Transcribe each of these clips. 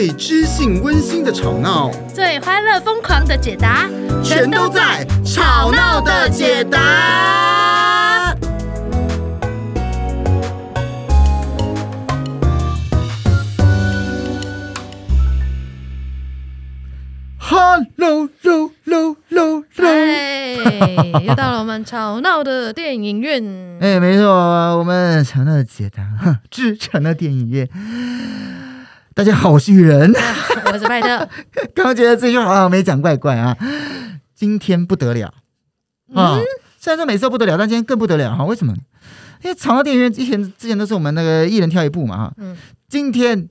最知性溫馨的吵鬧，最歡樂瘋狂的解答，全都在《吵鬧的解答》解答。Hello 嘍嘍嘍嘍又到了我們吵鬧的電影院。 哎，沒錯，啊，我們吵鬧的解答，哈，至吵鬧電影院。 大家好，我是譽仁。啊，我是派特。剛剛 覺得自己好像沒講，怪怪啊，今天不得了啊，嗯！哦、雖然說每次都不得了，但今天更不得了哈！為什麼？因為吵鬧電影院之前之前都是我們那個一人挑一部嘛哈。嗯，今天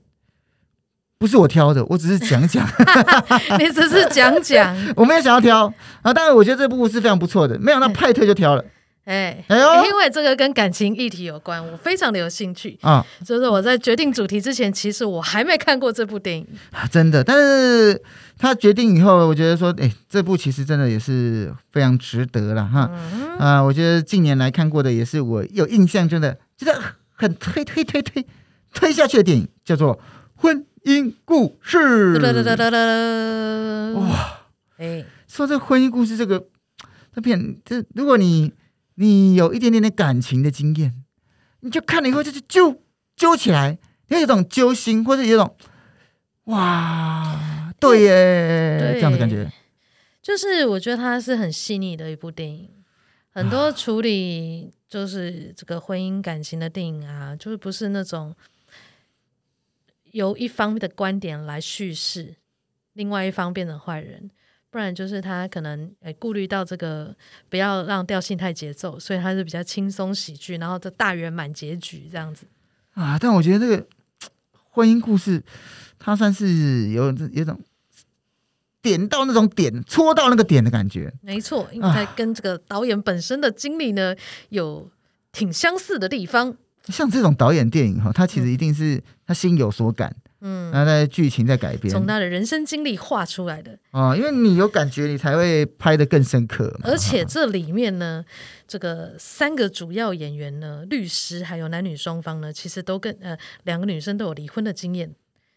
不是我挑的，我只是講講，嗯。 你只是講講，我沒有想要挑啊。當然，我覺得這部是非常不錯的。沒想到派特就挑了。嗯欸、哎呦，因為這個跟感情議題有關，我非常的有興趣啊。所以說我在決定主題之前，其實我還沒看過這部電影，啊，真的。但是他決定以後，我覺得說，哎，欸，這部其實真的也是非常值得了哈。嗯、哼啊，我覺得近年來看過的也是我有印象中的，就是很推推推推推推推推下去的電影，叫做《婚姻故事》。哇，哎，哦，欸，說這《婚姻故事》這個這片，這如果你。你有一點點的感情的經驗，你就看了以後就揪揪起來，有一種揪心，或者有一種哇，對耶，對，這樣的感覺。就是我覺得它是很細膩的一部電影，很多處理就是這個婚姻感情的電影啊，就是不是那種由一方面的觀點來敘事，另外一方變成壞人。不然就是他可能誒顧慮到這個不要讓調性太節奏，所以他是比較輕鬆喜劇，然後這大圓滿結局這樣子啊。但我覺得這個婚姻故事，他算是有有種點到那種點，戳到那個點的感覺。沒錯，應該跟這個導演本身的經歷呢、啊、有挺相似的地方。像這種導演電影哈，他其實一定是他心有所感。嗯，那在劇情在改變，從他的人生經歷畫出來的啊、嗯，因為你有感覺，你才會拍得更深刻。而且這裡面呢，這個三個主要演員呢，律師還有男女雙方呢，其實都更呃，兩個女生都有離婚的經驗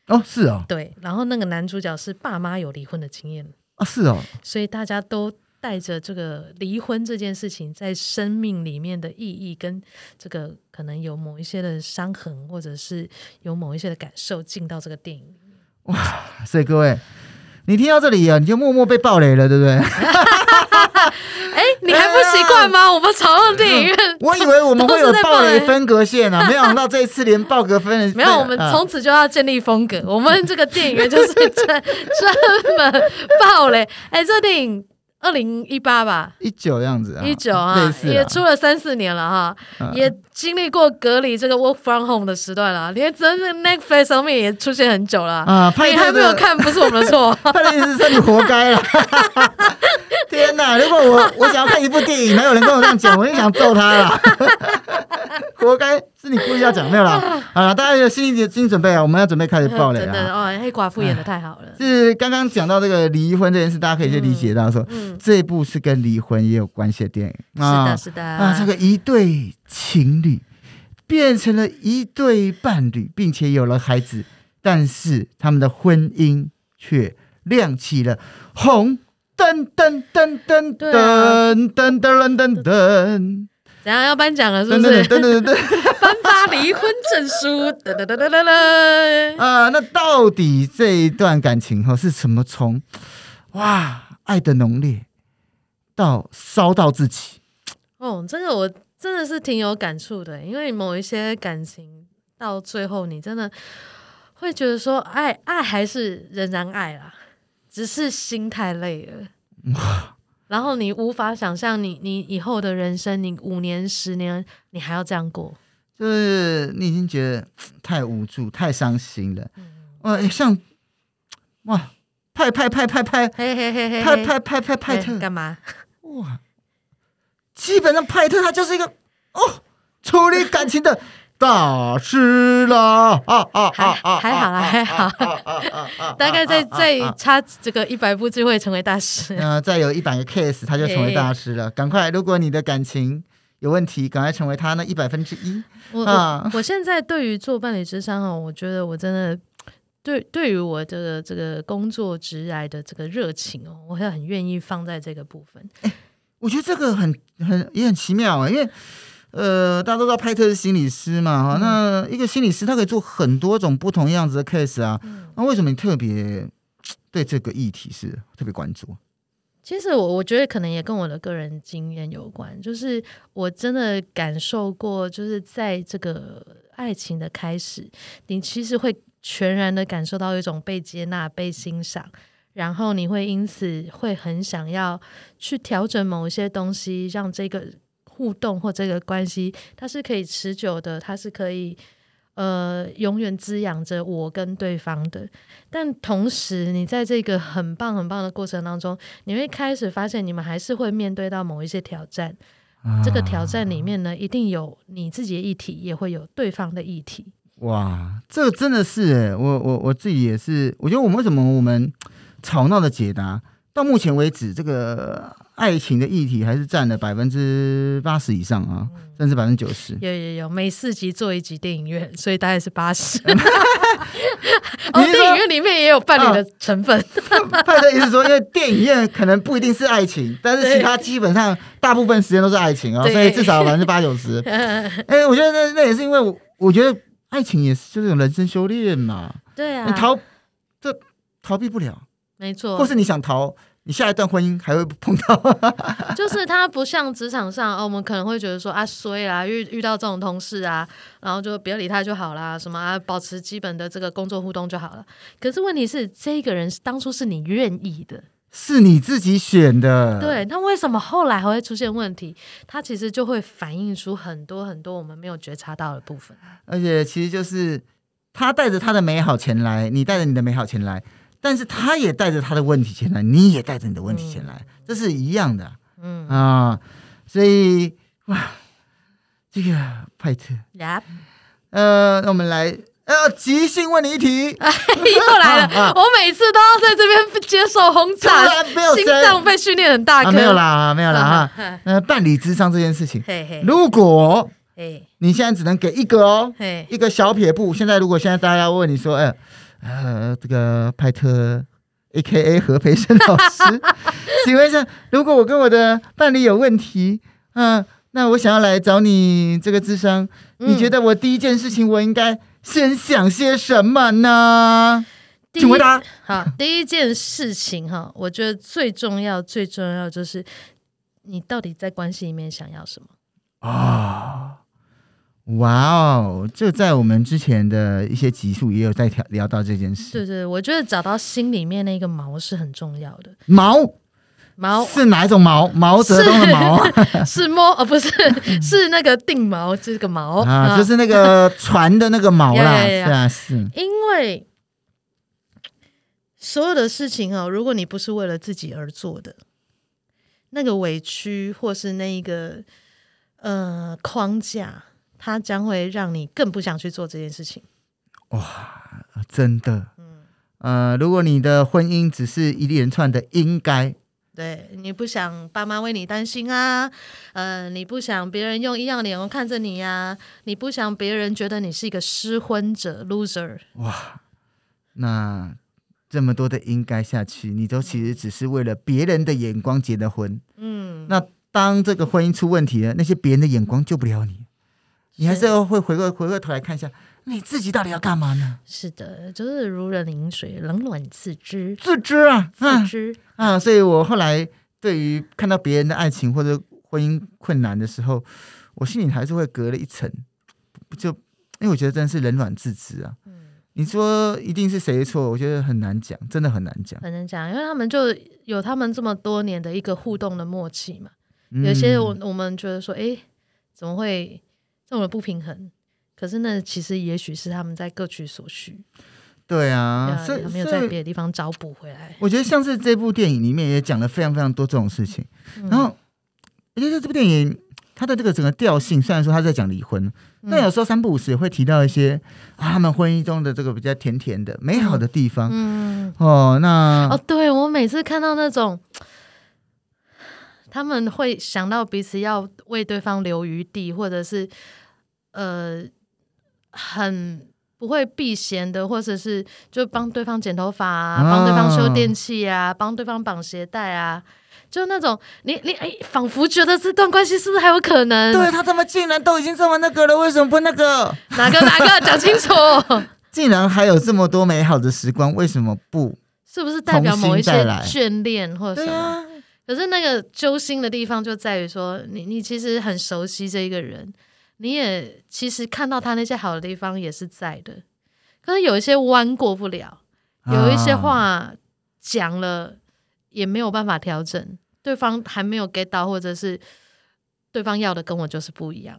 哦，是哦，對，然後那個男主角是爸媽有離婚的經驗啊、哦，是哦。所以大家都。帶着這個離婚這件事情在生命裡面的意義，跟這個可能有某一些的傷痕，或者是有某一些的感受，進到這個電影。哇！所以各位，你聽到這裡啊，你就默默被爆雷了，對不對？哎、 欸，你還不習慣嗎？呃、我們吵鬧電影院、呃，我以為我們會有爆雷分隔線呢、啊。 沒想到這一次連爆格分的，沒有。我們從此就要建立風格， 啊、我們這個電影院就是專專門爆雷。哎、欸，這電影。二零一八吧，一九這樣子，一九啊，啊啊也出了三四年了哈、啊，嗯、也。經歷過隔離這個 work from home 的時段了，連真的 Netflix 上面也出現很久了啊！你還沒有看，不是我們的錯，呃，他的意思是說你活該了。 天哪！如果我我想要看一部電影，沒有人跟我這樣講，我就想揍他了。 活該是你故意要講， 沒有啦？好了，大家有心理的，心理準備啊！我們要準備開始爆雷了，啊。哦，黑寡婦演的太好了。是，呃、剛剛講到這個離婚這件事，大家可以去理解到說，嗯嗯、這部是跟離婚也有關係的電影。是的，啊、是的。啊，這個一對。情侶變成了一對伴侶，並且有了孩子，但是他們的婚姻卻亮起了紅燈。噔噔噔噔噔噔噔怎樣要頒獎了是不是？噔噔噔噔噔，頒發離婚證書。噔噔噔噔啊，那到底這一段感情哈是什麼從哇愛的濃烈到燒到自己？哦，這個我。真的是挺有感觸的，因為某一些感情到最後，你真的會覺得說，愛愛還是仍然愛啦，只是心太累了。哇然後你無法想象你你以後的人生，你五年十年你還要這樣過，就是你已經覺得太無助、太傷心了。哦、嗯，像哇，拍拍拍拍拍，嘿嘿嘿嘿嘿，拍拍拍拍拍拍，嘿嘿，幹嘛？哇！基本上，派特他就是一個哦，處理感情的大師了。 啊啊啊啊，啊，啊 還！還好啦，還好， 大概再再差這個一百步就會成為大師。嗯、呃，再有一百個 case，他就成為大師了。趕、欸、快，如果你的感情有問題，趕快成為他那一百分之一。啊、我我現在對於做伴侶諮商哦，我覺得我真的對對於我這個這個工作職來的這個熱情哦，我還很很願意放在這個部分。欸我覺得這個很很也很奇妙啊，因為，呃，大家都知道派特是心理師嘛，哈、嗯，那一個心理師他可以做很多種不同樣子的 case 啊，嗯、那為什麼你特別對這個議題是特別關注？其實我我覺得可能也跟我的個人經驗有關，就是我真的感受過，就是在這個愛情的開始，你其實會全然的感受到一種被接納、被欣賞。然後你會因此會很想要去調整某一些東西，讓這個互動或這個關係它是可以持久的，它是可以呃永遠滋養着我跟對方的。但同時，你在這個很棒很棒的過程當中，你會開始發現你們還是會面對到某一些挑戰。啊、這個挑戰裡面呢，一定有你自己的議題，也會有對方的議題。哇，這個、真的是，我我我自己也是，我覺得我們為什麼我們。.吵鬧的解答，到目前為止，這個愛情的議題還是占了百分之八十以上啊，嗯、甚至百分之九十。有有有，每四集做一集電影院，所以大概是八十。哦，電影院裡面也有伴侶的成分。他的、啊、意思說，因為電影院可能不一定是愛情，對但是其他基本上大部分時間都是愛情啊，對所以至少百分之八九十。哎、 欸，我覺得那那也是因為我，我覺得愛情也是就是有人生修煉嘛。對啊，你逃這逃避不了。沒錯，或是你想逃，你下一段婚姻還會碰到 就是他不像職場上哦，我們可能會覺得說啊，衰啦，遇遇到這種同事啊，然後就不要理他就好啦，什麼啊，保持基本的這個工作互動就好了。可是問題是，這個人是當初是你願意的，是你自己選的。對，那為什麼後來還會出現問題？他其實就會反映出很多很多我們沒有覺察到的部分。而且，其實就是他帶着他的美好前來，你帶着你的美好前來。但是他也帶着他的問題前來，你也帶着你的問題前來，這是一樣的，嗯啊，所以哇，這個派特，呃，那我們來呃，即興問你一題，又來了，我每次都要在這邊接受轟炸，心臟被訓練很大，沒有啦，沒有啦啊，辦理諮商這件事情，如果你現在只能給一個哦，一個小撇步，現在如果現在大家要問你說，呃，這個派特，A K A 何培申老師， 請問一下，如果我跟我的伴侶有問題，嗯、呃，那我想要來找你這個谘商，嗯、你覺得我第一件事情我應該先想些什麼呢？一請回問答。好， 第一件事情哈，我覺得最重要、最重要就是，你到底在關係裡面想要什麼啊？哇哦！這、wow, 在我們之前的一些集數也有在聊聊到這件事。對，對對，我覺得找到心裡面那個錨是很重要的。毛毛是哪一種毛？毛澤東的毛？是， 是摸、哦，不是， 是那個定錨，這個錨啊，就是那個船的那個錨啦。 yeah, yeah, yeah. 是啊，是。因為所有的事情啊、哦，如果你不是為了自己而做的，那個委屈或是那一個呃框架，他將會讓你更不想去做這件事情。哇，真的。嗯，呃，如果你的婚姻只是一連串的應該，對，你不想爸媽為你擔心啊，呃，你不想別人用異樣眼光看着你呀、啊，你不想別人覺得你是一個失婚者，loser。loser，哇，那這麼多的應該下去，你都其實只是為了別人的眼光結的婚。嗯，那當這個婚姻出問題了，那些別人的眼光救不了你。嗯嗯。你還是要會回過回過頭來看一下，你自己到底要幹嘛呢？是的，就是如人飲水，冷暖自知。自知啊，啊自知啊。所以我後來對於看到別人的愛情或者婚姻困難的時候，我心裡還是會隔了一層，不就因為我覺得真的是冷暖自知啊。嗯，你說一定是誰的錯？我覺得很難講，真的很難講。很難講，因為他們就有他們這麼多年的一個互動的默契嘛。嗯，有些我我們覺得說，哎、欸，怎麼會？弄了不平衡，可是那其實也許是他們在各取所需。對啊，以他沒有在別的地方找補回來。我覺得像是這部電影裡面也講了非常非常多這種事情。然後，而且、嗯、這部電影它的這個整個調性，雖然說他在講離婚，嗯、但有時候三不五時也會提到一些、啊、他們婚姻中的這個比較甜甜的、美好的地方。嗯哦，那哦，對我每次看到那種，他們會想到彼此要為對方留餘地，或者是。呃，很不會避嫌的，或者是就幫對方剪頭髮、啊，幫、嗯、對方修電器啊，幫對方綁鞋帶啊，就那種你你哎、欸，仿佛覺得這段關係是不是還有可能？對他這麼竟然都已經這麼那個了，為什麼不那個？哪個哪個講清楚？ 竟然還有這麼多美好的時光，為什麼不？是不是代表某一些眷戀或者什麼？對啊、可是那個揪心的地方就在於說，你你其實很熟悉這一個人。你也其實看到他那些好的地方也是在的，可是有一些彎過不了，啊、有一些話講了也沒有辦法調整，對方還沒有 get 到，或者是對方要的跟我就是不一樣。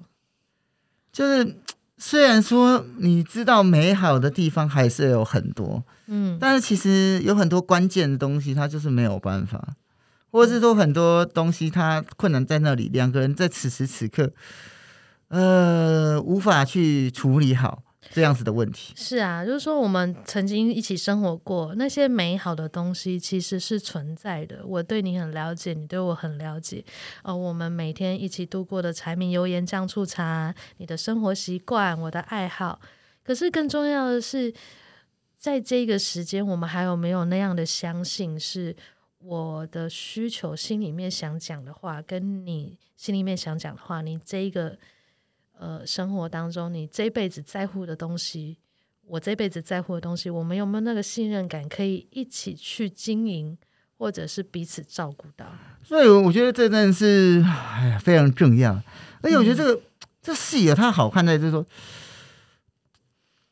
就是雖然說你知道美好的地方還是有很多，嗯，但是其實有很多關鍵的東西，他就是沒有辦法，或者是說很多東西他困難在那裡，兩個人在此時此刻。呃，無法去處理好這樣子的問題。是啊，就是說我們曾經一起生活過，那些美好的東西其實是存在的。我對你很了解，你對我很了解。呃，我們每天一起度過的柴米油鹽醬醋茶，你的生活習慣，我的愛好。可是更重要的是，在這個時間，我們還有沒有那樣的相信？是我的需求，心裡面想講的話，跟你心裡面想講的話，你這一個。呃，生活當中，你這輩子在乎的東西，我這輩子在乎的東西，我們有沒有那個信任感，可以一起去經營，或者是彼此照顧到。所以我覺得這真的是哎呀，非常重要。嗯、而且我覺得這個、嗯、這戲也太好看了，就是說，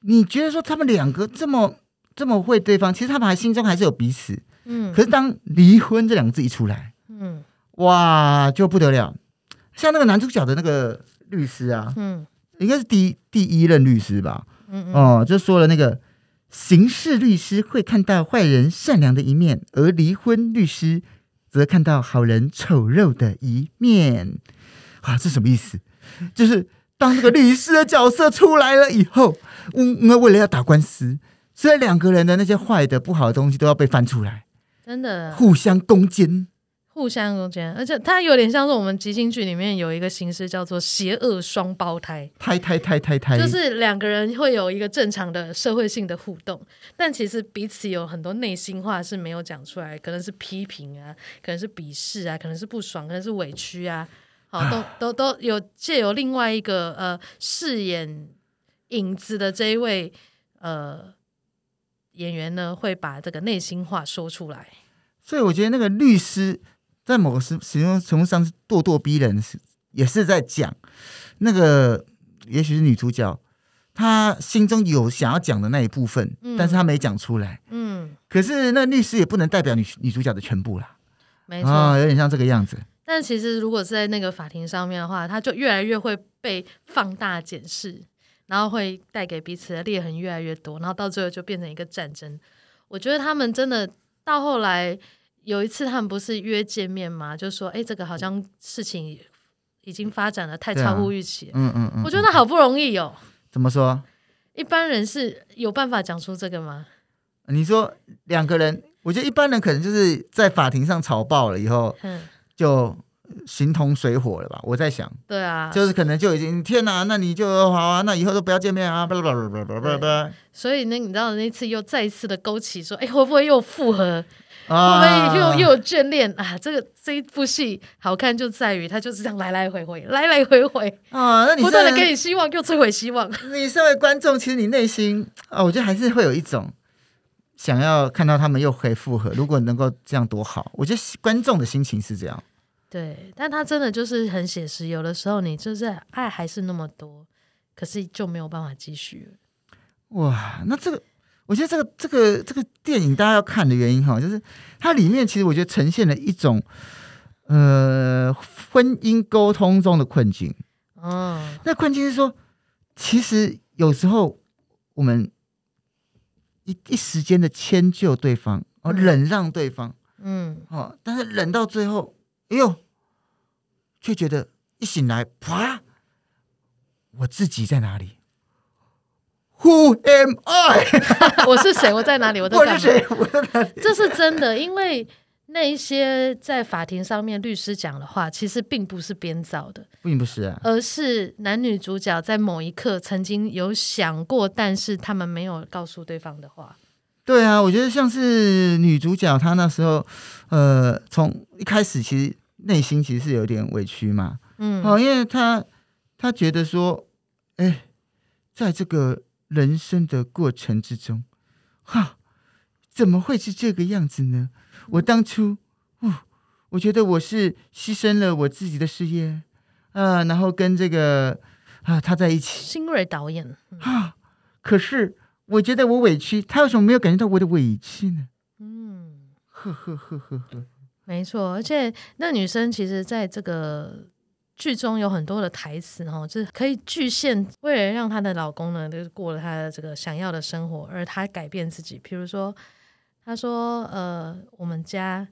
你覺得說他們兩個這麼這麼為對方，其實他們還心中還是有彼此。嗯，可是當離婚這兩個字一出來，嗯，哇，就不得了。像那個男主角的那個。律師啊，嗯，應該是第一第一任律師吧，嗯哦，就說了，那個刑事律師會看到壞人善良的一面，而離婚律師則看到好人醜陋的一面，啊，這什麼意思？就是當那個律師的角色出來了以後， 嗯，那、嗯嗯、為了要打官司，所以兩個人的那些壞的不好的東西都要被翻出來，真的互相攻擊。互相之間，而且它有點像是我們即興劇裡面有一個形式叫做“邪惡雙胞胎”，胎胎胎胎胎，就是兩個人會有一個正常的社會性的互動，但其實彼此有很多內心話是沒有講出來，可能是批評啊，可能是鄙視啊，可能是不爽，可能是委屈啊，好，都都都有借由另外一個呃飾演影子的這一位呃演員呢，會把這個內心話說出來，所以我覺得那個律師在某個時種程度上是咄咄逼人，是也是在講，那個也許是女主角，她心中有想要講的那一部分，嗯、但是她沒講出來。嗯，可是那律師也不能代表女女主角的全部啦。沒錯、哦，有點像這個樣子。但其實如果是在那個法庭上面的話，她就越來越會被放大檢視，然後會帶給彼此的裂痕越來越多，然後到最後就變成一個戰爭。我覺得他們真的到後來。有一次他們不是約見面嗎？就說哎、欸，這個好像事情已經發展的太超乎預期、啊。嗯嗯嗯，嗯，我覺得那好不容易喲、哦嗯。怎麼說？一般人是有辦法講出這個嗎？你說兩個人，我覺得一般人可能就是在法庭上吵爆了以後，嗯、就形同水火了吧？我在想，對啊，就是可能就已經天哪、啊，那你就好啊，那以後都不要見面啊，叭叭叭叭叭。所以呢，你知道那次又再一次的勾起說，說、欸、哎，會不會又復合？ 我們、哦、又又有眷戀啊！這個這一部戲好看就在於它就是這樣來來回回，來來回回啊、哦！那你不斷的給你希望，又摧毀希望。你身為觀眾，其實你內心啊、哦，我覺得還是會有一種想要看到他們又可以復合。如果能夠這樣多好！我覺得觀眾的心情是這樣。對，但他真的就是很寫實。有的時候你就是愛還是那麼多，可是就沒有辦法繼續了。哇，那這個。我覺得這個這個這個電影大家要看的原因哈，就是它裡面其實我覺得呈現了一種呃婚姻溝通中的困境。啊、哦，那困境是說，其實有時候我們一一時間的遷就對方，哦，忍讓對方，嗯，好、哦，但是忍到最後，哎呦，卻覺得一醒來，啪，我自己在哪裡？Who am I？ 我是誰？我在哪裡？我，我是誰？我在哪裡？這是真的，因為那一些在法庭上面律師講的話，其實並不是編造的，並不是、啊，而是男女主角在某一刻曾經有想過，但是他們沒有告訴對方的話。對啊，我覺得像是女主角她那時候，呃，從一開始其實內心其實是有點委屈嘛。嗯，好，因為她她覺得說，哎、欸，在這個。人生的過程之中，哈、啊，怎麼會是這個樣子呢？我當初，哦，我覺得我是犧牲了我自己的事業，啊，然後跟這個啊他在一起。新銳導演、嗯、啊，可是我覺得我委屈，他為什麼沒有感覺到我的委屈呢？嗯，呵呵呵呵呵，呵，沒錯，而且那女生其實在這個。劇中有很多的台詞，哈，就是可以具現，為了讓她的老公呢，就是過了她的這個想要的生活，而她改變自己。譬如說，她說：“呃，我們家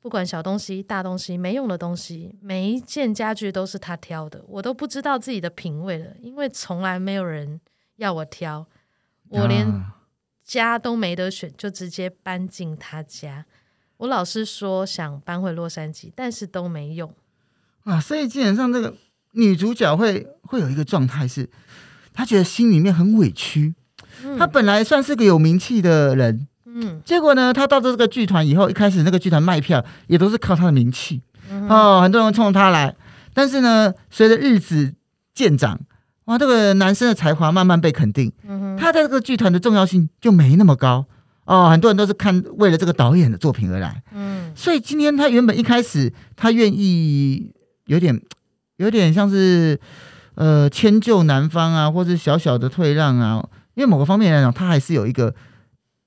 不管小東西、大東西、沒用的東西，每一件家具都是她挑的。我都不知道自己的品味了，因為從來沒有人要我挑，我連家都沒得選，就直接搬進她家。我老是說想搬回洛杉磯，但是都沒用。”啊，所以基本上這個女主角會會有一個狀態是，是她覺得心裡面很委屈。她本來算是個有名氣的人，嗯，結果呢，她到了這個劇團以後，一開始那個劇團賣票也都是靠她的名氣，嗯哼，哦，很多人衝她來。但是呢，隨着日子漸長，哇，這個男生的才華慢慢被肯定，嗯哼，他在這個劇團的重要性就沒那麼高，哦，很多人都是看為了這個導演的作品而來，嗯，所以今天他原本一開始他願意。有點，有點像是，呃，遷就男方啊，或是小小的退讓啊。因為某個方面來講，他還是有一個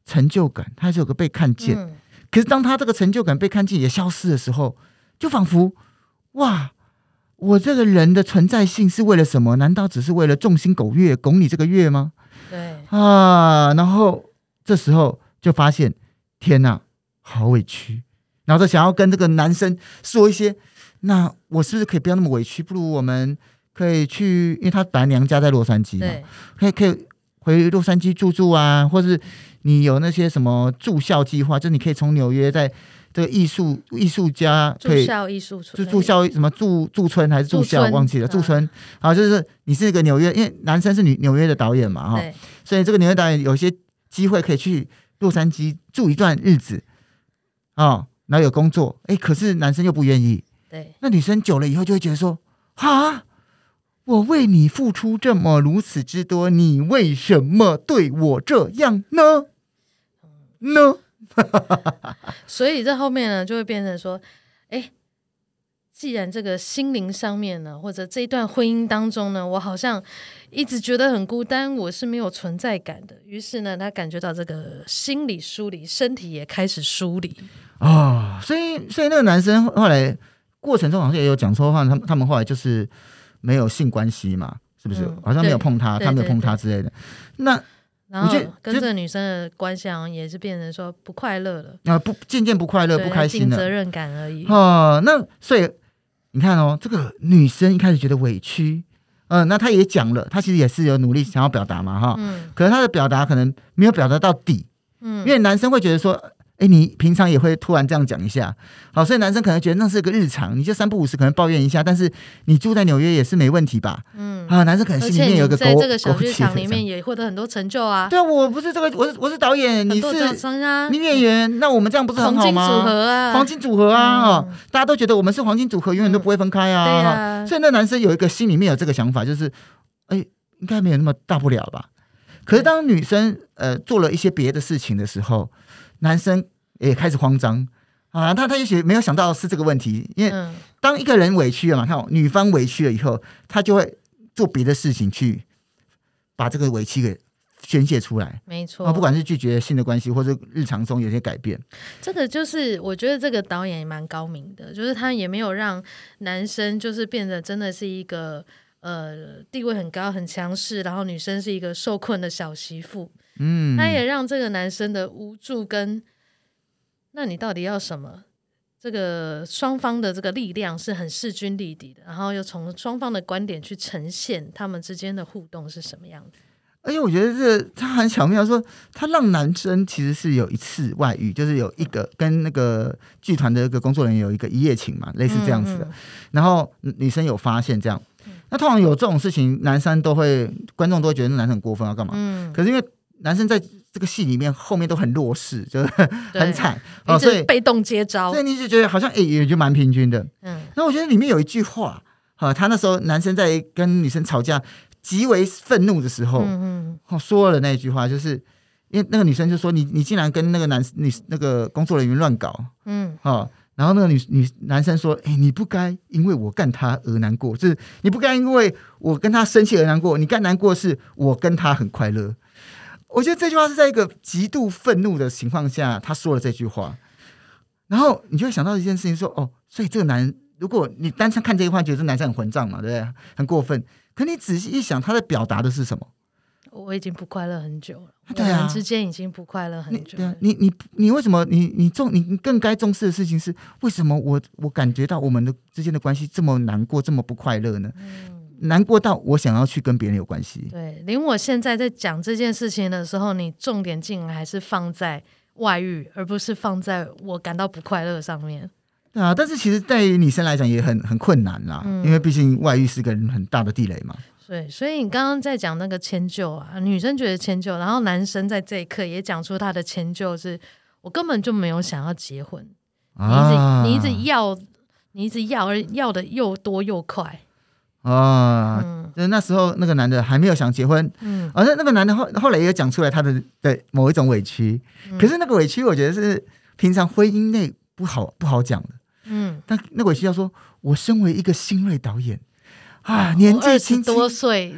成就感，他還是有個被看見。嗯、可是當他這個成就感被看見也消失的時候，就仿佛，哇，我這個人的存在性是為了什麼？難道只是為了眾星拱月拱你這個月嗎？對啊，然後這時候就發現，天哪、啊，好委屈，然後就想要跟這個男生說一些。那我是不是可以不要那麼委屈？不如我們可以去，因為她本來娘家在洛杉磯嘛，對可以可以回洛杉磯住住啊，或是你有那些什麼住校計劃，就你可以從紐約在這個藝術藝術家可以住校藝術，就住校什麼住住村還是住校住村忘記了住村，住村好，就是你是一個紐約，因為男生是紐紐約的導演嘛哈，對所以這個紐約導演有些機會可以去洛杉磯住一段日子哦，然後有工作，哎、欸，可是男生又不願意。對那女生久了以後就會覺得說：“啊，我為你付出這麼如此之多，你為什麼對我這樣呢？嗯、呢？ 所以，在後面呢，就會變成說，哎，既然這個心靈上面呢，或者這一段婚姻當中呢，我好像一直覺得很孤單，我是沒有存在感的。於是呢，他感覺到這個心理疏離，身體也開始疏離啊。所以，所以那個男生後來。過程中好像也有講說，話他他們後來就是沒有性關係嘛，是不是？嗯、好像沒有碰他，對對對對對，他沒有碰他之類的。那，而且然後、就是、跟這個女生的關係好像也是變成說不快樂了。啊、呃，不，漸漸不快樂，不開心了。責任感而已。哦、呃，那所以你看哦，這個女生一開始覺得委屈，嗯、呃，那她也講了，她其實也是有努力想要表達嘛，哈，嗯、可是她的表達可能沒有表達到底，嗯，因為男生會覺得說。哎，你平常也會突然這樣講一下，好，所以男生可能覺得那是個日常，你就三不五時可能抱怨一下，但是你住在紐約也是沒問題吧？嗯啊，男生可能心裡面有一個溝。而且你在這個小劇場裡面也獲得很多成就啊。對，我不是這個，我是我是導演，啊、你是女演員，嗯、那我們這樣不是很好嗎？金組合啊，黃金組合啊，嗯、大家都覺得我們是黃金組合，永遠都不會分開啊。嗯、啊。所以那男生有一個心裡面有這個想法，就是哎，應該沒有那麼大不了吧？對可是當女生呃做了一些別的事情的時候，男生。也開始慌張啊！他他也許沒有想到是這個問題，因為當一個人委屈了嘛，看女方委屈了以後，他就會做別的事情去把這個委屈給宣洩出來。沒錯。啊，不管是拒絕性的關係，或者日常中有些改變。這個就是我覺得這個導演也蠻高明的，就是他也沒有讓男生就是變得真的是一個呃地位很高很強勢，然後女生是一個受困的小媳婦。嗯，他也讓這個男生的無助跟。那你到底要什麼？這個雙方的這個力量是很勢均力敵的，然後又從雙方的觀點去呈現他們之間的互動是什麼樣子。而且、哎、我覺得這個、他很巧妙，說他讓男生其實是有一次外遇，就是有一個跟那個劇團的一個工作人員有一個一夜情嘛，類似這樣子的。嗯、然後女生有發現這樣，嗯、那通常有這種事情，男生都會觀眾都會覺得男生很過分，要幹嘛？嗯，可是因為男生在。這個戲裡面後面都很弱勢，就是很慘啊，所以被動接招。所以，所以你就覺得好像哎、欸，也就蠻平均的。嗯。那我覺得裡面有一句話啊，他那時候男生在跟女生吵架，極為憤怒的時候，嗯嗯，說了那一句話，就是因為那個女生就說你你竟然跟那個男你那個工作人員亂搞，嗯啊、哦，然後那個女女男生說，哎、欸，你不該因為我幹他而難過，就是你不該因為我跟他生氣而難過，你該難過的是我跟他很快樂。我覺得這句話是在一個極度憤怒的情況下他說了這句話，然後你就會想到一件事情說，說哦，所以這個男人，如果你單純看這句話，覺得這男生很混賬嘛，對不對？很過分。可你仔細一想，他在表達的是什麼？我已經不快樂很久了，啊對啊，之間已經不快樂很久了。對啊，你你你為什麼？你你重你更該重視的事情是，為什麼我我感覺到我們的之間的關係這麼難過，這麼不快樂呢？嗯。難過到我想要去跟別人有關係。對，連我現在在講這件事情的時候，你重點竟然還是放在外遇，而不是放在我感到不快樂上面。對啊，但是其實對於女生來講也很很困難啦，嗯、因為畢竟外遇是個人很大的地雷嘛。對，所以你剛剛在講那個遷就啊，女生覺得遷就，然後男生在這一刻也講出他的遷就是，是我根本就沒有想要結婚，你一直、啊、你一直要，你一直要，而要的又多又快。啊，哦嗯、那時候那個男的還沒有想結婚，嗯，而且、哦、那個男的後後來也講出來他的的某一種委屈，嗯、可是那個委屈我覺得是平常婚姻內不好不好講的，嗯，但那個委屈要說，我身為一個新銳導演啊，年紀輕，輕、哦、二十多歲，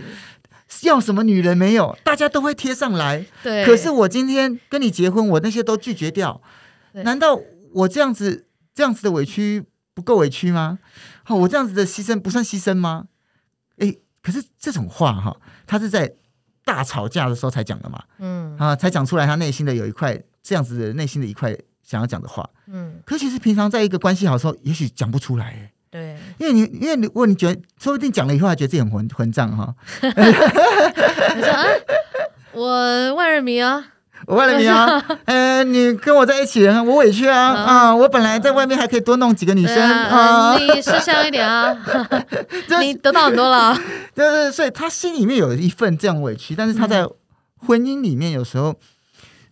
要什麼女人沒有，大家都會貼上來，對，可是我今天跟你結婚，我那些都拒絕掉，對難道我這樣子這樣子的委屈不夠委屈嗎？好、哦，我這樣子的犧牲不算犧牲嗎？哎、欸，可是這種話哈、哦，他是在大吵架的時候才講的嘛，嗯，啊，才講出來他內心的有一塊這樣子的內心的一塊想要講的話，嗯，可其實平常在一個關係好的時候，也許講不出來，對，因為你，因為你因為你如果你覺得說不定講了以後，還覺得自己很混混賬哈、哦，你說啊，我萬人迷啊、哦。我問了你啊 、欸，你跟我在一起，我委屈啊，啊、嗯嗯，我本來在外面還可以多弄幾個女生啊，你識相一點啊， 你得到很多了，對對，所以他心裡面有一份這樣委屈，但是他在婚姻裡面有時候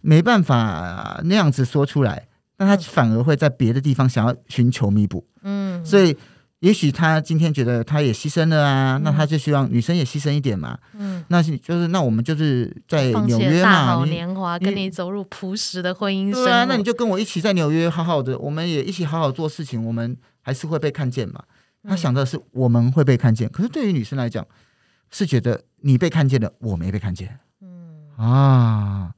沒辦法、啊、那樣子說出來，那他反而會在別的地方想要尋求彌補，嗯，所以。也許他今天覺得他也犧牲了啊，嗯、那他就希望女生也犧牲一點嘛。嗯，那是就是那我們就是在紐約嘛，大好年華，你你跟你走入樸實的婚姻生活，對啊，那你就跟我一起在紐約好好的，我們也一起好好做事情，我們還是會被看見嘛。嗯、他想的是我們會被看見，可是對於女生來講，是覺得你被看見了，我沒被看見。嗯啊，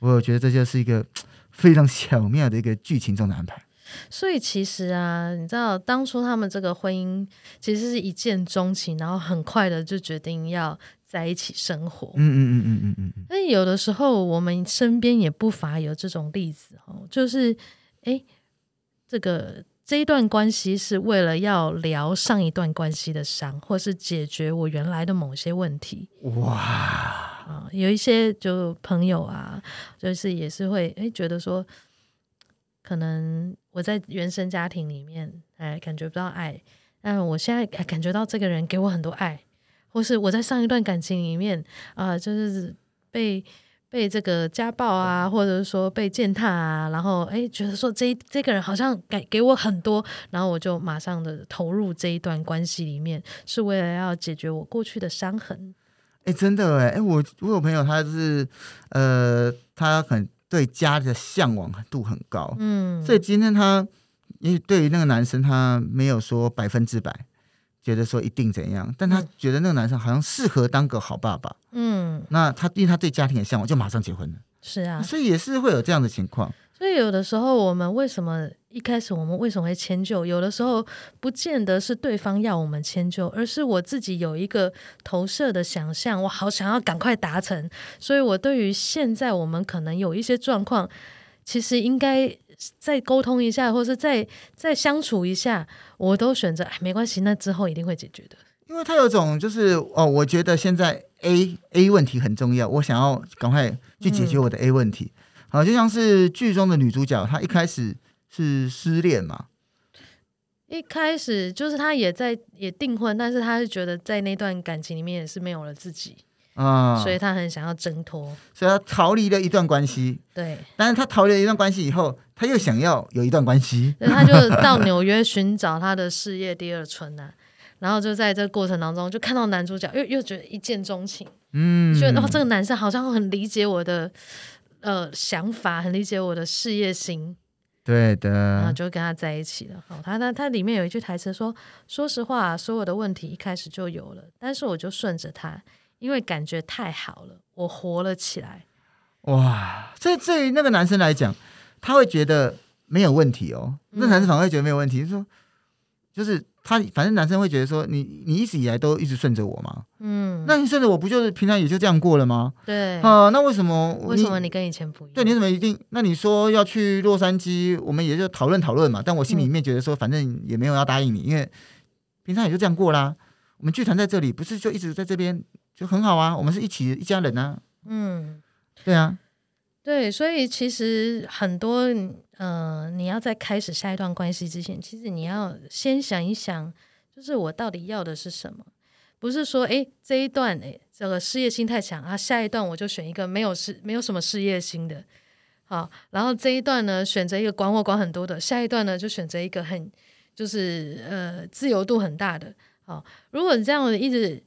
我覺得這就是一個非常巧妙的一個劇情中的安排。所以其實啊，你知道當初他們這個婚姻其實是一見鍾情，然後很快的就決定要在一起生活。嗯嗯嗯嗯嗯嗯。那有的時候我們身邊也不乏有這種例子哦，就是哎，這個這一段關係是為了要聊上一段關係的傷，或是解決我原來的某些問題。哇啊，嗯，有一些就朋友啊，就是也是會哎覺得說。可能我在原生家庭裡面哎，感覺不到愛，但我現在感覺到這個人給我很多愛，或是我在上一段感情裡面啊、呃，就是被被這個家暴啊，或者是說被踐踏啊，然後哎覺得說這這個人好像給給我很多，然後我就馬上的投入這一段關係裡面，是為了要解決我過去的傷痕。哎，真的哎，我我有朋友他是呃，他很。對家的向往度很高，嗯，所以今天他，因為對於那個男生，他沒有說百分之百覺得說一定怎樣，但他覺得那個男生好像適合當個好爸爸，嗯，那他因為他對家庭的向往，就馬上結婚了，是啊，所以也是會有這樣的情況，所以有的時候我們為什麼？一開始我們為什麼會遷就？有的時候不見得是對方要我們遷就，而是我自己有一個投射的想象，我好想要趕快達成，所以我對於現在我們可能有一些狀況，其實應該再溝通一下，或是再再相處一下，我都選擇、哎，沒關係，那之後一定會解決的。因為他有種就是哦，我覺得現在 A A 問題很重要，我想要趕快去解決我的 A 問題。嗯、好，就像是劇中的女主角，她一開始。是失戀嘛？一開始就是他也在也訂婚，但是他是覺得在那段感情裡面也是沒有了自己啊，哦、所以他很想要掙脫，所以他逃離了一段關係、嗯。對，但是他逃離了一段關係以後，他又想要有一段關係，他就到紐約尋找他的事業第二春呢、啊。 然後就在這個過程當中，就看到男主角又又覺得一見鍾情，嗯，所以然後、哦、這個男生好像很理解我的呃想法，很理解我的事業心。對的，然後就跟他在一起了。好，哦，他他他裡面有一句台詞說：“說實話，所有的問題一開始就有了，但是我就順着他，因為感覺太好了，我活了起來。”哇！這對於那個男生來講，他會覺得沒有問題哦。嗯、那男生反而會覺得沒有問題，說就是。他反正男生會覺得說你你一直以來都一直順着我嘛？嗯，那你順着我不就是平常也就這樣過了嗎？對，啊、呃，那為什麼？為什麼你跟以前不一樣？對，你怎麼一定？那你說要去洛杉磯，我們也就討論討論嘛。但我心裡面覺得說，反正也沒有要答應你，嗯、因為平常也就這樣過啦。我們劇團在這裡，不是就一直在這邊就很好啊。我們是一起一家人啊，嗯，對啊，對，所以其實很多。嗯、呃，你要在開始下一段關係之前，其實你要先想一想，就是我到底要的是什麼？不是說，誒，這一段，誒，這個事業心太強啊，下一段我就選一個沒有事、沒有什麼事業心的。好，然後這一段呢，選擇一個管我管很多的，下一段呢，就選擇一個很就是呃自由度很大的。好，如果你這樣子一直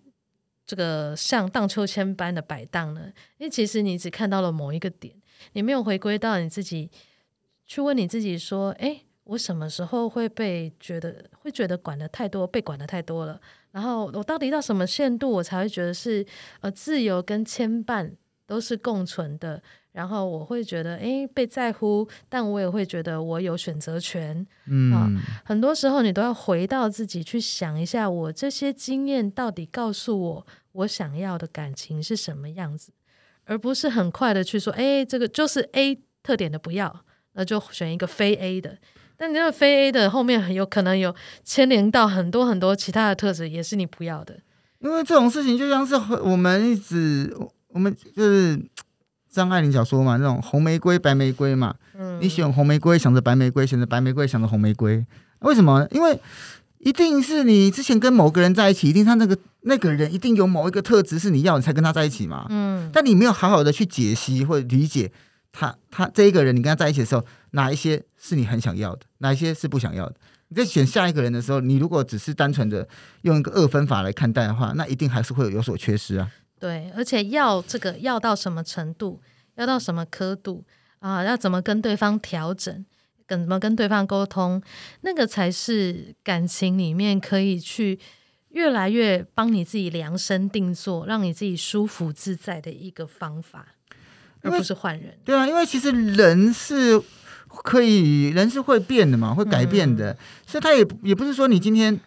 這個像盪秋千般的擺盪呢，因為其實你只看到了某一個點，你沒有回歸到你自己。去問你自己說：“哎，我什麼時候會被覺得會覺得管得太多，被管得太多了？然後我到底到什麼限度，我才會覺得是呃自由跟牽絆都是共存的？然後我會覺得哎，被在乎，但我也會覺得我有選擇權。嗯、啊，很多時候你都要回到自己去想一下，我這些經驗到底告訴我我想要的感情是什麼樣子，而不是很快的去說：哎，這個就是 A 特點的不要。”那就選一個非 A 的，但你那個非 A 的後面很有可能有牽連到很多很多其他的特質，也是你不要的。因為這種事情就像是我們一直，我們就是張愛玲小說嘛，那種紅玫瑰、白玫瑰嘛。嗯。你選紅玫瑰，想着白玫瑰；選擇白玫瑰，想着紅玫瑰。為什麼呢？因為一定是你之前跟某個人在一起，一定他那個那個人一定有某一個特質是你要的，你才跟他在一起嘛。嗯。但你沒有好好的去解析或理解。他他這一個人，你跟他在一起的時候，哪一些是你很想要的，哪一些是不想要的？你在選下一個人的時候，你如果只是單純的用一個二分法來看待的話，那一定還是會有所缺失啊。對，而且要這個要到什麼程度，要到什麼刻度啊？要怎麼跟對方調整，跟怎麼跟對方溝通，那個才是感情裡面可以去越來越幫你自己量身定做，讓你自己舒服自在的一個方法。因為不是換人，對啊，因為其實人是可以，人是會變的嘛，會改變的，嗯，所以他也也不是說你今天，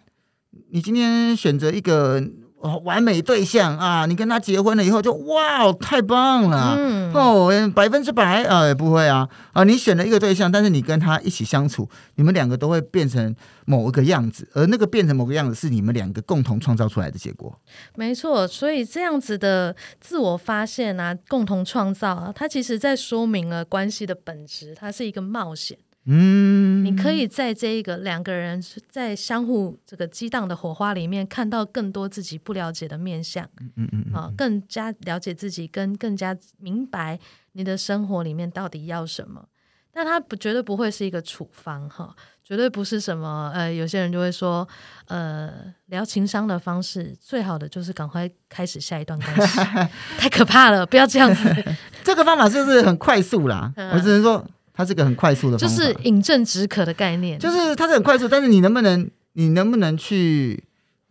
你今天選擇一個。哦、完美對象啊！你跟他結婚了以後就，就哇，太棒了！嗯，哦，百分之百啊，也、哎、不會啊啊！你選了一個對象，但是你跟他一起相處，你們兩個都會變成某一個樣子，而那個變成某一個樣子是你們兩個共同創造出來的結果。沒錯，所以這樣子的自我發現啊，共同創造啊，它其實在說明了關係的本質，它是一個冒險。嗯，你可以在這一個兩個人在相互這個激盪的火花裡面，看到更多自己不了解的面相，嗯，嗯嗯，更加了解自己，跟更加明白你的生活裡面到底要什麼。但他不絕對不會是一個處方哈，絕對不是什麼呃，有些人就會說呃，療情傷的方式最好的就是趕快開始下一段關係， 太可怕了，不要這樣子。 這個方法是不是很快速啦？嗯、我只能說。它是個很快速的方法，就是飲鴆止渴的概念。就是它是很快速，對啊，但是你能不能，你能不能去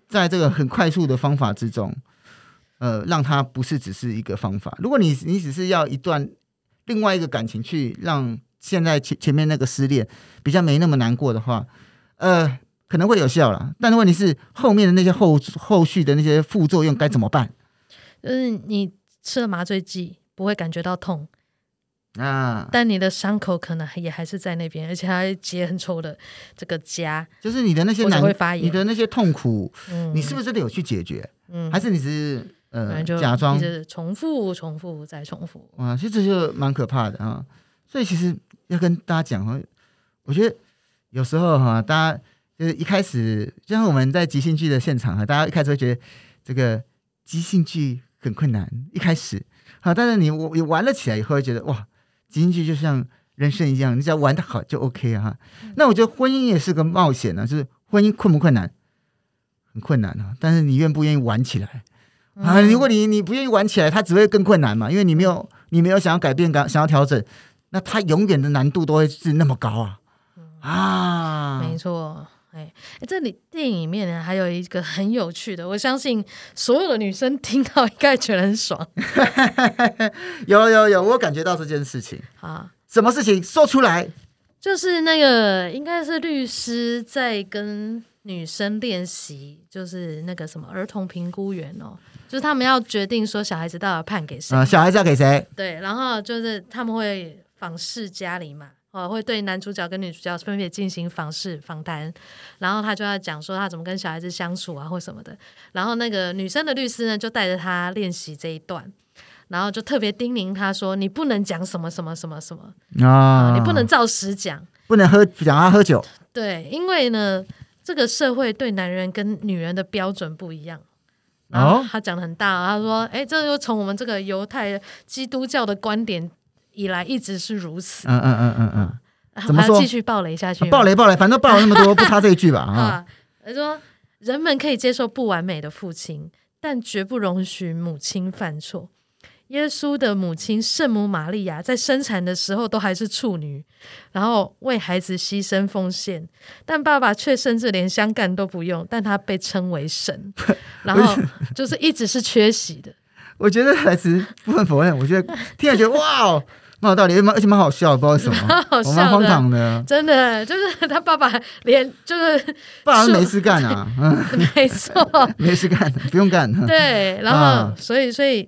在這個很快速的方法之中，呃，讓它不是只是一個方法。如果你你只是要一段另外一個感情去讓現在前前面那個失戀比較沒那麼難過的話，呃，可能會有效了。但是問題是後面的那些後後續的那些副作用該怎麼辦？就是你吃了麻醉劑不會感覺到痛。啊！但你的傷口可能也還是在那邊，而且還結很醜的這個痂。就是你的那些難，發炎你的那些痛苦，嗯、你是不是真的有去解決？嗯，還是你是呃假裝？是重複、重複再重複。啊，其實這就蠻可怕的啊！所以其實要跟大家講哦，我覺得有時候哈，大家就是一開始，就像我們在即興劇的現場哈，大家一開始會覺得這個即興劇很困難，一開始啊，但是你我你玩了起來以後，會覺得哇！經濟就像人生一樣，你只要玩得好就 OK 啊。那我覺得婚姻也是個冒險呢、啊，就是婚姻困不困難？很困難啊。但是你願不願意玩起來、嗯、啊？如果你你不願意玩起來，它只會更困難嘛，因為你沒有你沒有想要改變、想想要調整，那它永遠的難度都會是那麼高啊啊！沒錯。哎、欸，這裡電影裡面還有一個很有趣的，我相信所有的女生聽到應該覺得很爽。 有有有，我感覺到這件事情啊，什麼事情說出來？就是那個應該是律師在跟女生練習，就是那個什麼兒童評估員哦，就是他們要決定說小孩子到底判給誰。啊、嗯，小孩子要給誰？對，然後就是他們會訪視家裡嘛。哦，會對男主角跟女主角分別進行訪視訪談，然後他就要講說他怎麼跟小孩子相處啊，或什麼的。然後那個女生的律師呢，就帶着他練習這一段，然後就特別叮嚀他說：“你不能講什麼什麼什麼什麼啊、呃，你不能照實講，不能喝講他、啊、喝酒。”對，因為呢，這個社會對男人跟女人的標準不一樣。哦，他講得很大，他說：“誒，這就從我們這個猶太基督教的觀點。”以來一直是如此。嗯嗯嗯嗯嗯，嗯嗯嗯啊、怎麼還繼續爆雷下去。爆、啊、雷爆雷，反正爆了那麼多，不差這一句吧？ 啊，啊，說人們可以接受不完美的父親，但絕不容許母親犯錯。耶穌的母親聖母瑪利亞在生產的時候都還是處女，然後為孩子犧牲奉獻，但爸爸卻甚至連相干都不用，但他被稱為神，然後就是一直是缺席的。 我覺得孩子不能否認， 我覺得聽下來覺得哇哦。好，有道理，而且蠻好笑，不知道為什麼，好笑的的、啊、真的就是他爸爸連就是，不然爸是沒事幹啊，對嗯，沒錯， 沒事幹，不用幹，對，然後、啊、所以所以，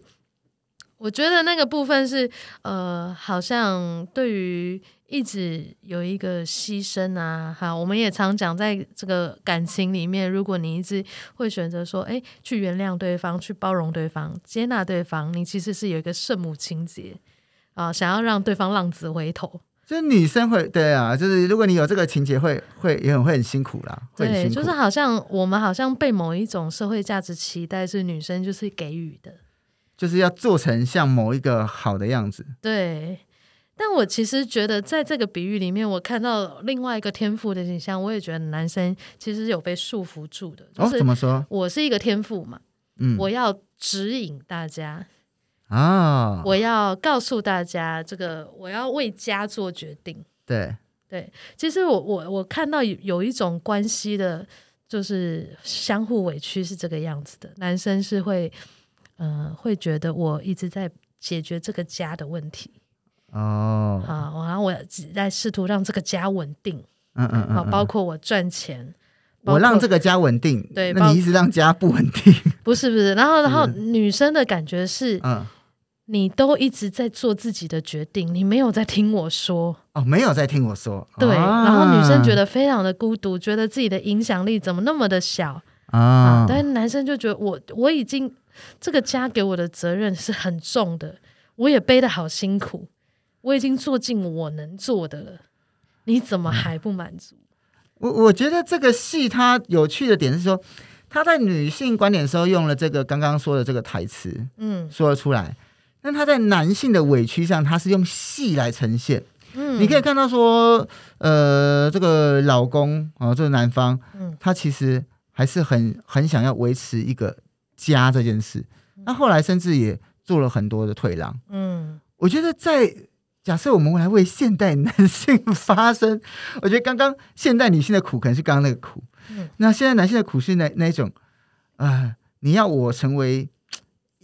我覺得那個部分是呃，好像對於一直有一個犧牲啊，哈，我們也常講，在這個感情裡面，如果你一直會選擇說，哎，去原諒對方，去包容對方，接納對方，你其實是有一個聖母情節。啊，想要讓對方浪子回頭，就是女生會對啊，就是如果你有這個情節，會會也很會很辛苦啦。對，就是好像我們好像被某一種社會價值期待，是女生就是給予的、嗯，就是要做成像某一個好的樣子。對，但我其實覺得在這個比喻裡面，我看到另外一個天賦的形象，我也覺得男生其實有被束縛住的。就是、哦，怎麼說？我是一個天賦嘛，嗯，我要指引大家。啊！哦、我要告訴大家，這個我要為家做決定。對對，其實我我我看到有有一種關係的，就是相互委屈是這個樣子的。男生是會，嗯、呃、會覺得我一直在解決這個家的問題。哦，好、啊，然後我只在試圖讓這個家穩定。嗯，嗯嗯嗯，包括我賺錢，我讓這個家穩定。包括，對，那你一直讓家不穩定？不是不是，然後然後女生的感覺是，嗯。你都一直在做自己的決定，你沒有在聽我說哦，沒有在聽我說。對，啊、然後女生覺得非常的孤獨，覺得自己的影響力怎麼那麼的小啊，啊？但男生就覺得我我已經這個家給我的責任是很重的，我也背得好辛苦，我已經做盡我能做的了，你怎麼還不滿足？嗯、我我覺得這個戲它有趣的點是說，他在女性觀點的時候用了這個剛剛說的這個台詞，嗯，說了出來。但他在男性的委屈上，他是用戲來呈現。嗯，你可以看到說，呃，這個老公啊、呃，這個男方，嗯，他其實還是很很想要維持一個家這件事。那後來甚至也做了很多的退讓。嗯，我覺得在假設我們來為現代男性發聲，我覺得剛剛現代女性的苦可能是剛剛那個苦。嗯，那現在男性的苦是那那一種，啊、呃，你要我成為。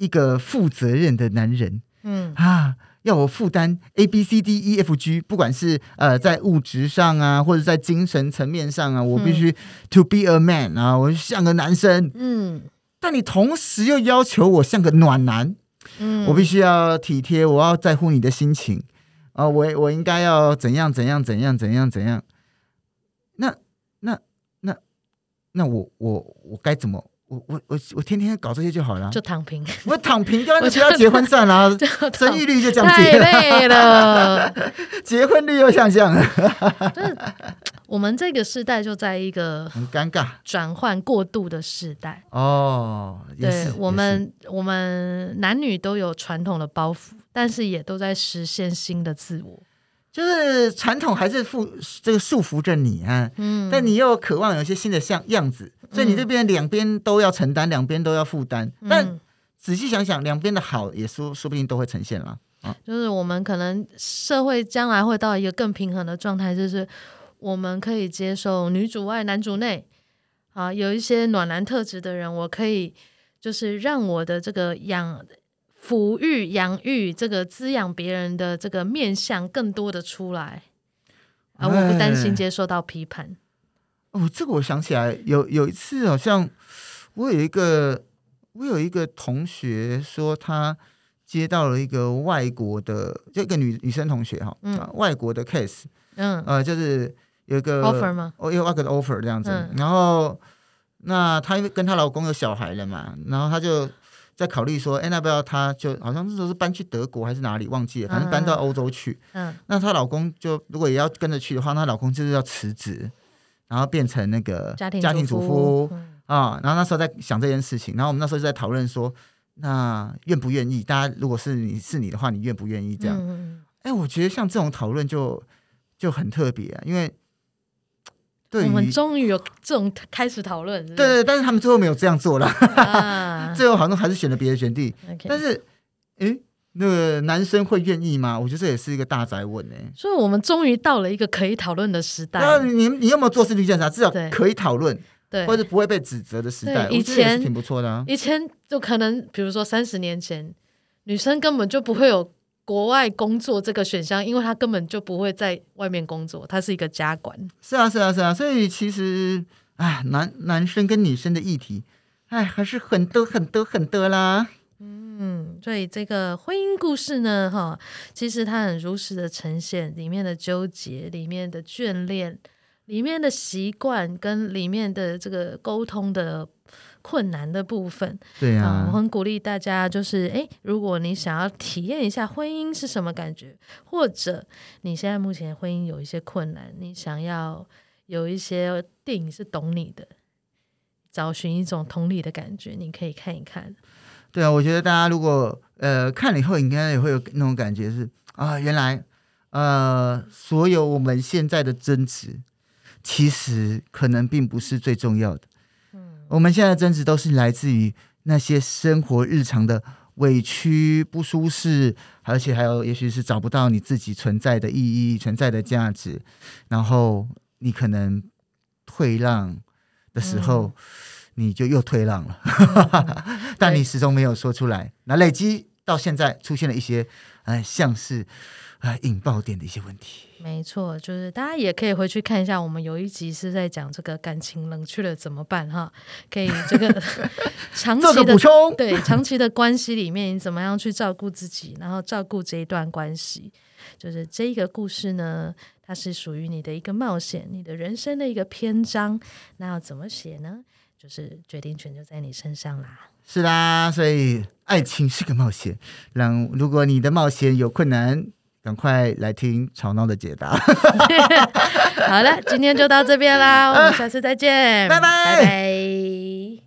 一個負責任的男人，嗯啊，要我負擔 A B C D E F G，不管是呃在物質上啊，或者在精神層面上啊，我必須 To be a man 啊，我就像個男生，嗯。但你同時又要求我像個暖男，嗯，我必須要體貼，我要在乎你的心情啊，呃，我我應該要怎樣怎樣怎樣怎樣怎樣？那那那那我我我該怎麼？我我我我天天搞這些就好了、啊，就躺平，我 躺平，就讓其他結婚算了、啊，生育 躺率就降低了，了 結婚率又下降了 我們這個時代就在一個很尷尬轉換過渡的時代。哦，對，是我們是我們男女都有傳統的包袱，但是也都在實現新的自我。就是傳統還是負這個束縛着你啊，嗯，但你又渴望有一些新的像樣子，嗯、所以你這邊兩邊都要承擔，兩邊、嗯、都要負擔。但仔細想想，兩邊的好也說說不定都會呈現了。嗯、就是我們可能社會將來會到一個更平衡的狀態，就是我們可以接受女主外男主內啊，有一些暖男特質的人，我可以就是讓我的這個養。撫育、養育這個滋養別人的這個面向更多的出來啊！我不擔心接受到批判、欸。哦，這個我想起來，有有一次好像我有一個我有一個同學說，他接到了一個外國的，就一個女女生同學哈，嗯、呃，外國的 case，嗯，呃，就是有一個 offer 嗎？哦，一個外國的 offer 這樣子。嗯、然後那她因為跟她老公有小孩了嘛，然後她就。在考慮說，哎、欸，那不要她，就好像那時候是搬去德國還是哪裡忘記了，反正搬到歐洲去。嗯，嗯，那她老公就，如果也要跟着去的話，那她老公就是要辭職，然後變成那個家庭家庭主婦啊、嗯嗯。然後那時候在想這件事情，然後我們那時候就在討論說，那、呃、願不願意？大家如果是你是你的話，你願不願意？這樣，哎、嗯欸，我覺得像這種討論就就很特別啊，因為對我們終於有這種開始討論是是。對，但是他們最後沒有這樣做了。啊 最後好像還是選了別的選地，Okay. 但是，哎、欸，那個男生會願意嗎？我覺得這也是一個大哉問哎、欸。所以，我們終於到了一個可以討論的時代。那你你有沒有做身體檢查？至少可以討論，對，或者不會被指責的時代。以前是挺不錯的啊。以前就可能，比如說三十年前，女生根本就不會有國外工作這個選項，因為她根本就不會在外面工作，她是一個家管。是啊，是啊，是啊。所以其實，哎，男男生跟女生的議題。哎，還是很多很多很多啦。嗯，所以這個婚姻故事呢，哈，其實它很如實的呈現裡面的糾結、裡面的眷戀、裡面的習慣跟裡面的這個溝通的困難的部分。對啊。啊，我很鼓勵大家，就是欸，如果你想要體驗一下婚姻是什麼感覺，或者你現在目前婚姻有一些困難，你想要有一些電影是懂你的。找尋一種同理的感覺，你可以看一看。對啊，我覺得大家如果呃看了以後，應該也會有那種感覺是啊，原來呃，所有我們現在的爭執，其實可能並不是最重要的。嗯，我們現在的爭執都是來自於那些生活日常的委屈、不舒適，而且還有也許是找不到你自己存在的意義、存在的價值，然後你可能退讓。的時候，嗯、你就又退讓了， 但你始終沒有說出來。那、嗯、累積到現在，出現了一些，哎、呃，像是，呃，引爆點的一些問題。沒錯，就是大家也可以回去看一下，我們有一集是在講這個感情冷卻了怎麼辦哈，可以這個 長期的補充，對，長期的關係裡面，你怎麼樣去照顧自己， 然後照顧這一段關係，就是這一個故事呢。嗯它是屬於你的一個冒險，你的人生的一個篇章。那要怎麼寫呢？就是決定權就在你身上啦。是啦，所以愛情是個冒險。讓如果你的冒險有困難，趕快來聽吵鬧的解答。 好了，今天就到這邊啦，啊、我們下次再見，拜拜。拜拜。拜拜。